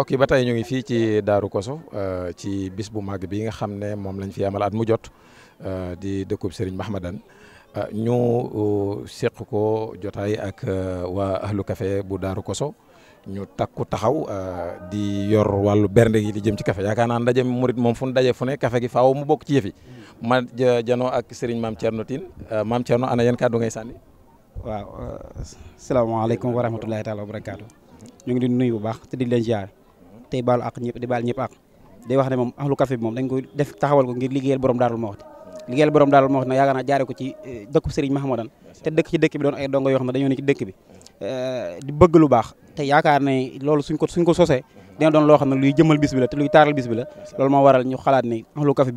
mbokk yi ba tey ñu ngi fii ci Daaru Koso euh, ci bis bu màgg bi nga xam ne moom lañ fi amal at mu jot euh, di dëkkub Serigne Mahmadan euh, ñu seq ko jotaay ak waa ahlu kafe bu Daaru Koso ñu takku taxaw di yor wàllu bernde gi di jëm ci café yaakaar naa ndaje murit moom fu daje fu ne café gi faaw mu bokk ci yëf yi ma janoo ak Serigne Mame Thierno Tine Mame Thierno ana yan kàddu ngay sànni. waaw salaamaaleykum wa rahmatulahi taala wa ñu ngi di nuyu bu baax te di leen tey baalu àq ñëpp di baal ñëpp àq day wax ne moom ahlu café bi moom dañ koy def taxawal ko ngir liggéeyal borom daarul Muxti liggéeyal borom daarul Muxti nag jaare ko ci eh, dëkkub Serigne dëkk ci dëkk ay dongo yoo xam ne dañoo ne eh, baax te yaakaar ne loolu suñ ko suñ ko sosee dina loo xam ne luy jëmal bis bi la te luy bi la loolu moo waral ñu xalaat ne ahlu café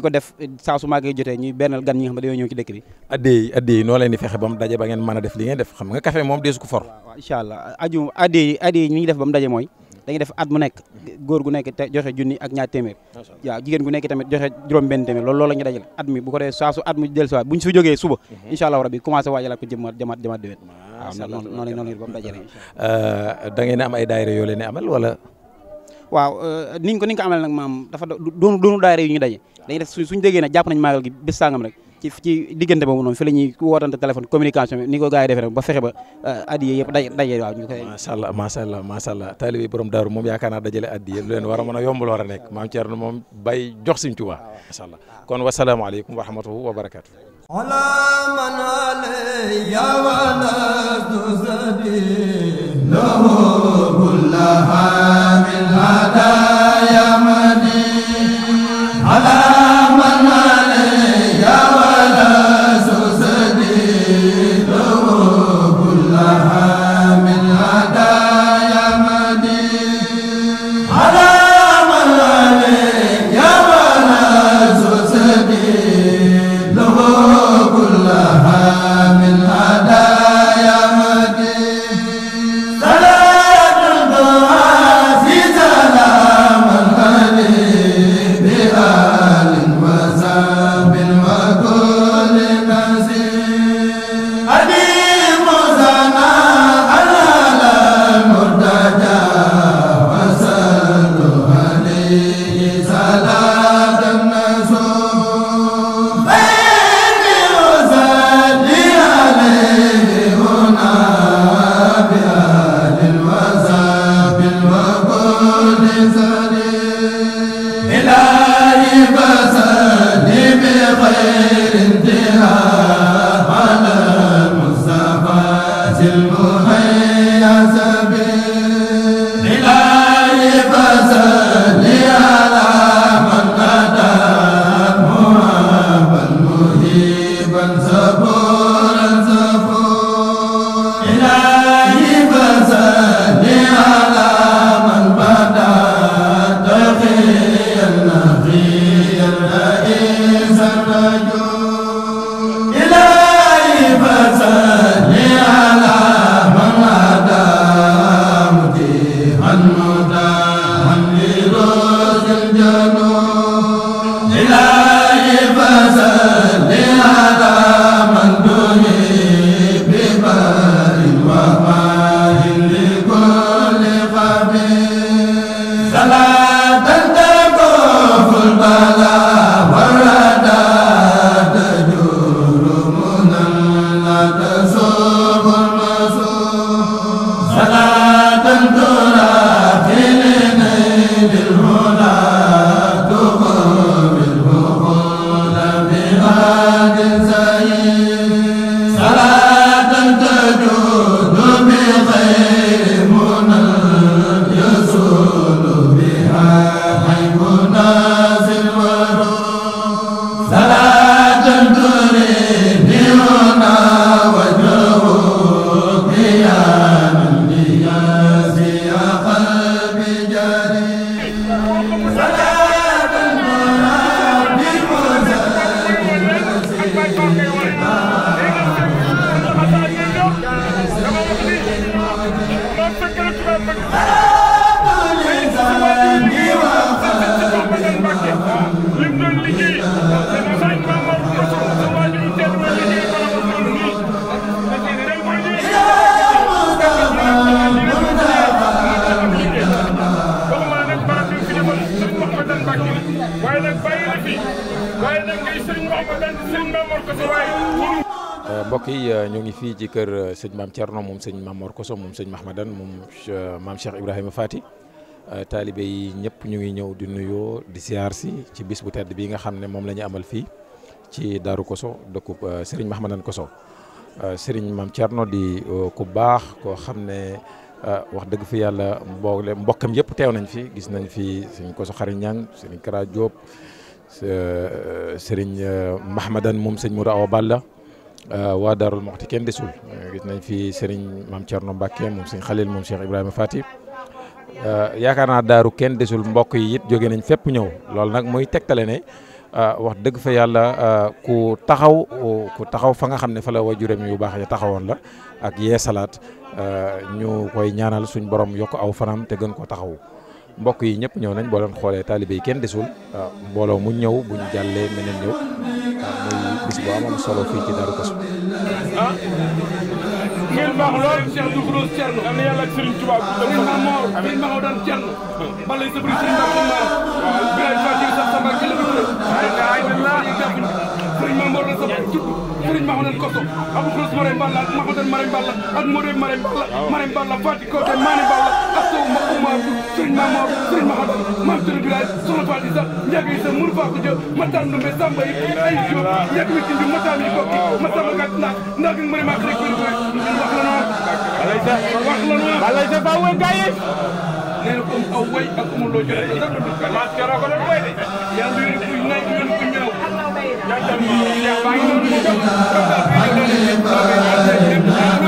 ko def eh, saa su jotee ñuy bennal gan ñi nga xam ne dañoo ñëw ci dëkk bi addeey addeey noo leen di fexe ba mu daje ba ngeen mën a def li ngeen def xam nga café moom deesu ko for waaw incha allah aju addeey addeey def ba daje mooy dañu def at mu nekk góor gu nekk te joxe junni ak ñaar téeméer waaw jigéen gu nekk tamit joxe juróom benn téeméer loolu loolu la ñu dajale at mi ko dee saa su at mu dellu si waat bu ñu fi jógee suba mhm. incha allah rabbi commencé waajalaat ko jëmaat jëmaat jëmaat déwén waaw noonu noonu noonu ba mu dajale euh, da ngeen am ay daayira yoo leen amal wala waaw euh, ni ko ni ko amal maam dafa doonu doonu daayira yu ñu daje dañuy def suñ suñu ne jàpp nañ maagal gi bés sàngam rek ci ci diggante boobu noonu fi la ñuy wootante téléphone communication bi ni ko gars yi defee ba fexe ba euh, addiye yëpp daje daje waaw ñu koy. macha allah macha allah daaru moom yaakaar naa dajale addiye lu leen war a a yomb lu a nekk maam Thierno moom bay jox suñ kon wasalaamaaleykum wa rahmatuhu wa fii ci kër euh, sëñ maam Thierno moom sëñ maam Koso moom sëñ Mahmadan moom euh, maam Cheikh Ibrahima Fati euh, taalibe ñëpp ñu ngi ñëw di nuyoo di siyaar si ci bis bu tedd bi nga xam ne moom la amal fii ci Daaru Koso sëriñ Serigne Mahmadan Koso Serigne maam Thierno di ku baax koo xam ne wax dëgg fi yàlla mboole mbokkam yëpp teew nañ fi gis nañ fi sëñ Koso Xariñ Ñang sëñ Kara Diop sëriñ Mahmadan moom sëñ Moura Awa la Euh, waa Darou Mokhti kenn desul euh, gis nañ fi Serigne Mame Thierno Mbacke moom Serigne Khalil moom Cheikh Ibrahima Fati euh, yaakaar naa daaru kenn desul mbokk yi it jóge nañ fépp ñëw loolu nag muy tegtale ne wax dëgg fa yàlla ku taxaw ku taxaw fa nga xam ne fa la wajuram yu baax ya taxawoon la ak yee salaat ñu koy ñaanal suñ borom yokk aw fanam te gën ko taxawu mbokk yi ñëpp ñëw nañ boo xoolee taalibe yi kenn desul mbooloo mu ñëw bu ñu jàllee meneen ñëw bu amoon solo fii ci Darou Kosso. ah. ngeen baax lool Cheikh Diouf Rose Thierno. yal na yàlla ak Serigne Touba. amiin ngeen baax moo ngeen baaxoo doon Thierno. man lay Serigne Mahmoudane Kosso Abou Khouros Marème Balla ak Mahmoudane Marème Balla ak Modou Marème Balla Marème Balla Fati Kote Mane Balla Astou Maoumadou Serigne Mamadou Serigne Mahmoudane Mame Sulu Village Soxna Fati Sa Ndiaga Issa Mour Fakou Diop Matar Ndoumbe Samba yi ay Diop Ndiaga Issa Ndoumbe Matar Ndoumbe Kokki Massamba Gat Ndaak Ndaak Mbëri Mak rek wax la noonu wax la noonu Balla Aïssa fa woy gaay nee na um aw way ak umul loo jëlee Thank you.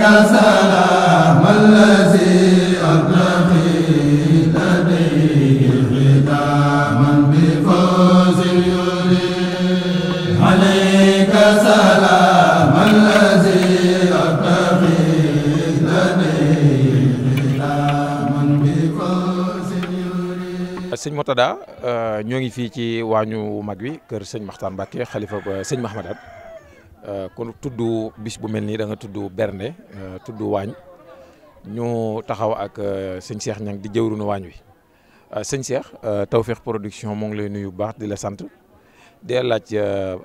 Kasa Euh, sëñ Mourtada euh, ñoo ngi fii ci waañu mag wi kër sëñ Maxtaan Mbàkke xalifa euh, sëñ Mahmadan kon tudd bis bu mel nii da nga tudd bernde tudd waañ ñu taxaw ak sëñ Cheikh Niang di jëwrunu waañ wi sëñ Cheikh Tawfekh Production moo ngi lay nuyu bu baax di la sant dee laaj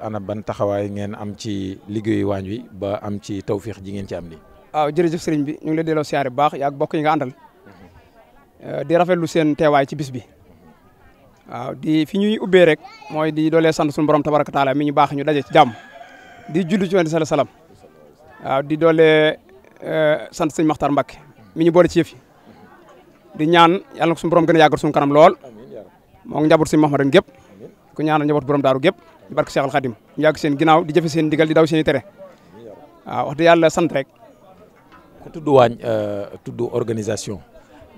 ana ban taxawaay ngeen am ci liggéey waañ wi ba am ci tawféex ji ngeen ci am ni waaw jërëjëf sëriñ bi ñu ngi lay delloo siyaare bu baax yaa bokk yi nga àndal mhm. di rafetlu seen teewaay ci bis bi. waaw di fi ñuy ubbee rek mooy di doole sant suñu borom tabaraka taala mi ñu baax ñu daje ci jàmm di julli ci wàllu salaam waaw di doole eh, sant sëñ Maxtaar Mbacke mi ñu boole ci yëf di ñaan yalla na ko suñu borom gën a yàggal suñu kanam lool moo ngi njaboot sëñ Maxamadan gépp ku ñaan njaboot borom daaru gépp di barke Seexal Xadim ñu seen ginnaaw di jëfe seen digal di daw seen i tere waaw wax dëgg yàlla sant rek. ku tudd waañ eh, tudd organisation.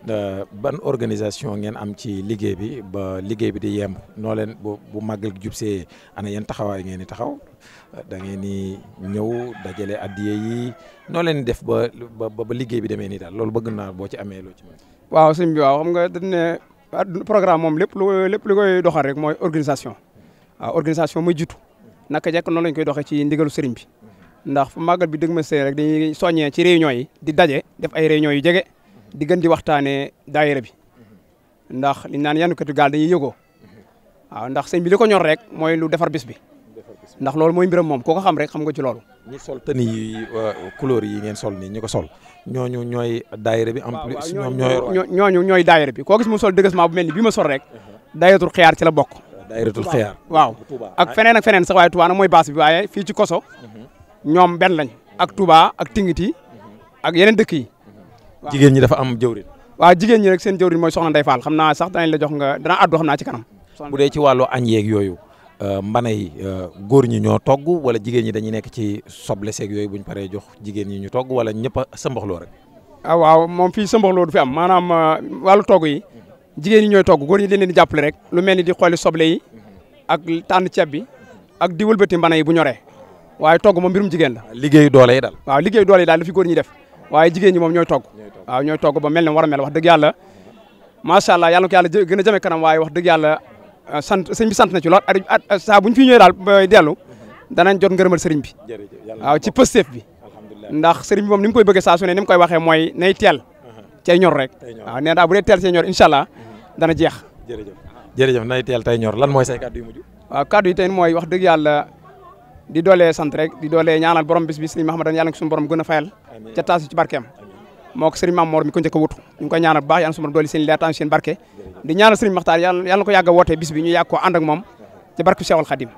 Euh, ban organisation ngeen am ci liggéey bi ba liggéey bi di yemb noo leen bu bu màggal jub see ana yenn taxawaay ngeen di taxaw da ngeen di ñëw dajale addiye yi noo leen def ba ba ba liggéey bi demee nii daal loolu bëgg naa boo ci amee loo ci mën. waaw sëñ bi nga dañ ne programme moom lépp lu lépp lu koy doxal rek mooy organisation waaw organisation mooy jiitu naka jekk noonu lañ koy doxee ci ndigalu sëriñ bi ndax fu màggal bi dëgg ma see rek dañuy soññee ci réunion yi di daje def ay réunion yu jege. di gën di waxtaanee daayira bi ndax liñ naan yanukatu gaal dañuy yëgoo waaw ndax sëñ bi li ko ñor rek mooy lu defar bis bi ndax loolu mooy mbiram moom koo ko xam rek xam nga ci loolu. ñi sol tani yi couleur yi ngeen sol nii ñi ko sol ñooñu ñooy daayira bi. en plus ñoom ñooy ñooñu ñooy daayira bi koo gis mu sol dëgësmaa bu mel ni bii ma sol rek daayiratul xiyaar ci la bokk. daayiratul xiyaar waaw. ak feneen ak feneen sax waaye Touba mooy base bi waaye fii ci koso mhm. ñoom benn lañ ak tubaa ak Tingiti mhm. ak yeneen dëkk yi jigéen ñi dafa am jëwrin waaw jigéen ñi rek seen jëwrin mooy soxna Ndeye Fall xam naa sax danañ la jox nga dana addu xam naa ci kanam bu dee ci wàllu añ yeeg yooyu euh, mbana yi euh, góor ñi ñoo togg wala jigéen ñi dañuy nekk ci soble seeg yooyu buñ paree jox jigéen ñi ñu togg wala ñëpp a sëmbaxloo rek ah, waaw moom fii sëmbaxloo du fi am maanaam euh, wàllu togg yi jigéen ñi ñooy togg góor ñi dañ leen di jàppale rek lu mel ni di xool soble yi ak tànn ceeb bi ak di wëlbati mbana yi bu ñoree waaye togg moom mbirum jigéen la liggéey doole yi daal waaw liggéeyu yi daal fi góor ñi def waaye jigéen ñi moom ñooy toog waaw ñooy togg ba mel ne war a mel wax dëgg yàlla macha allah yàlla ko yàlla gën a jëme kanam waaye wax dëgg yàlla euh, sant sëñ bi sant na ci lool at saa bu ñu fi ñëwee daal dellu danañ jot ngërëmal sëriñ bi waaw ci pësteef bi ndax sëriñ bi moom ni mu koy bëggee saa su ne ni mu koy waxee mooy nay teel uh-huh. cay ñor rek waaw nee naa bu dee teel cay ñor incha allah uh-huh. dana jeex jërëjëf jërëjëf nay teel tey ñor lan mooy say kàddu yu mujj waaw kàddu yi tey mooy wax dëgg yàlla di doolee sant rek di doole ñaanal borom bis bi sëriñ Mahamad yàlla na ko suñu gën a fayal ca taas ci barkeem moo ko sëriñ Maam Mor mi ko njëkk a wutu ñu ngi koy baax yàlla su ma dooli seen leer taas barke di ñaanal sëriñ Maxtaar yàlla ko yàgg a wootee bis ñu yàgg koo ànd ak moom barke Cheikhul Khadim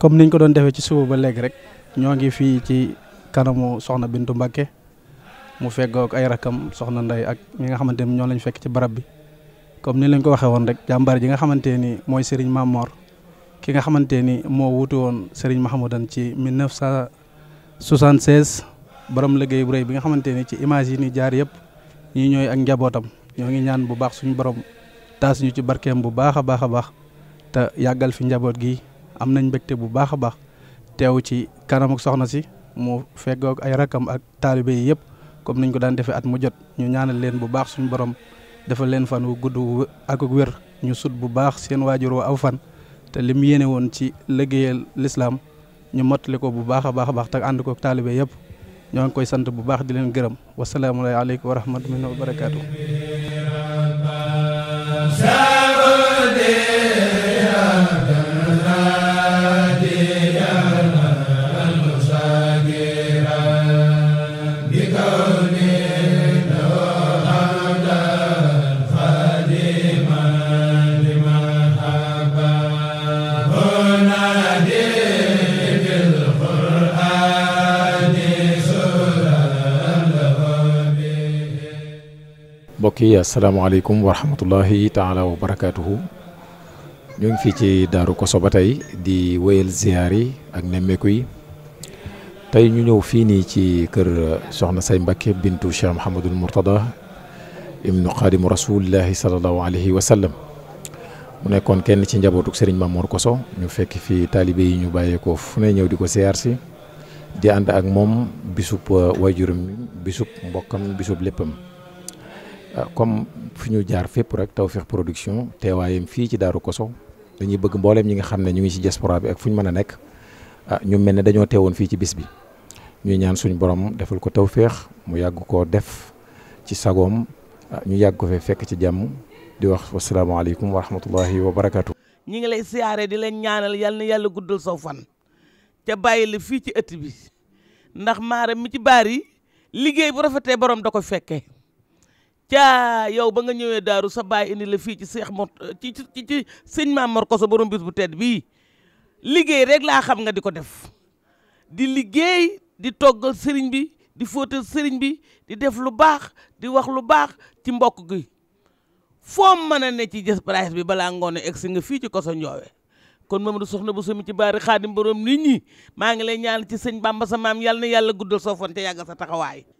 comme niñ ko doon defee ci suba ba léegi rek ñoo ngi fii ci kanamu soxna Bintu Mbacke mu feggoog ay rakam soxna Ndey ak mi nga xamante ni ñoo lañ fekk ci barab bi comme ni lañ ko waxee woon rek jàmbaar ji nga xamante ni mooy Serigne Mamor ki nga xamante ni moo wuutu woon Serigne Mahmoudan ci 1976 borom liggéey bu rëy bi nga xamante ni ci image yi ni jaar yëpp ñi ñooy ak njabootam ñoo ngi ñaan bu baax suñu borom taas ñu ci barkeem bu baax a baax a baax te yàggal fi njaboot gi am nañ mbégte bu baax a baax teew ci kanam ak soxna si mu feggoog ay rakam ak taalibe yi yëpp comme niñ ko daan defee at mu jot ñu ñaanal leen bu baax suñu borom defal leen fan wu gudd ak wér ñu sut bu baax seen waajur wa aw fan te lim yéene woon ci liggéeyal lislaam ñu mottali ko bu baax a baax a baax te ànd kook taalibe yëpp ñoo ngi koy sant bu baax di leen gërëm wasalaamu aleykum wa rahmatullahi wa barakaatu. mbokk yi asalaamaaleykum wa rahmatullahi taala wa barakaatuhu ñu ngi fii ci Daaru Koso ba tey di wéyal ziyaar yi ak nemmeeku yi tey ñu ñëw fii nii ci kër soxna say Mbacke bintu Cheikh Mouhamadul Mourtada ibnu xaadimu rasulillahi salallahu alayhi mu nekkoon kenn ci njabootuk sëriñ Mamour Koso ñu fekk fii taalibe yi ñu bàyyeekoo fu ne ñëw di ko ziyaar si di ànd ak moom bisub uh, waajuram bisub mbokkam bisub léppam Euh, comme fi ñu jaar fépp rek Tawfekh Production teewaayam fii ci Daaru Koso dañuy bëgg mbooleem ñi nga xam ne ñu ngi ci diaspora bi ak fu ñu mën a nekk ah, ñu mel ni dañoo teewoon fii ci bis bi ñuy ñaan suñu borom deful ko Tawfekh mu yàgg koo def ci sagoom ah, ñu yàgg ko fee fekk ci jàmm di wax wasalaamaaleykum wa rahmatullahi wa barakaatu. ñi ngi lay siyaare di leen ñaanal yal yàlla guddal saw fan te bàyyi la fii ci ëtt bi ndax maara mi ci baar yi liggéey bu rafetee borom da ko fekkee caa yow ba nga ñëwee daaru sa baay indi la fii ci seex mor ci ci ci sëñ maam mor koso borom bis bu tedd bii liggéey rek laa xam nga di ko def di liggéey di toggal sëriñ bi di fóotal sëriñ bi di def lu baax di wax lu baax ci mbokk gi foo mën a ne ci jës price bi balaa ngoone egsi nga fii ci koso njoowe kon Mamadou soxna bu sami ci baari xaadim borom nit ñi maa ngi lay ñaan ci sëñ ba sa maam yàlla na yàlla guddal soo fonte yàgg sa taxawaay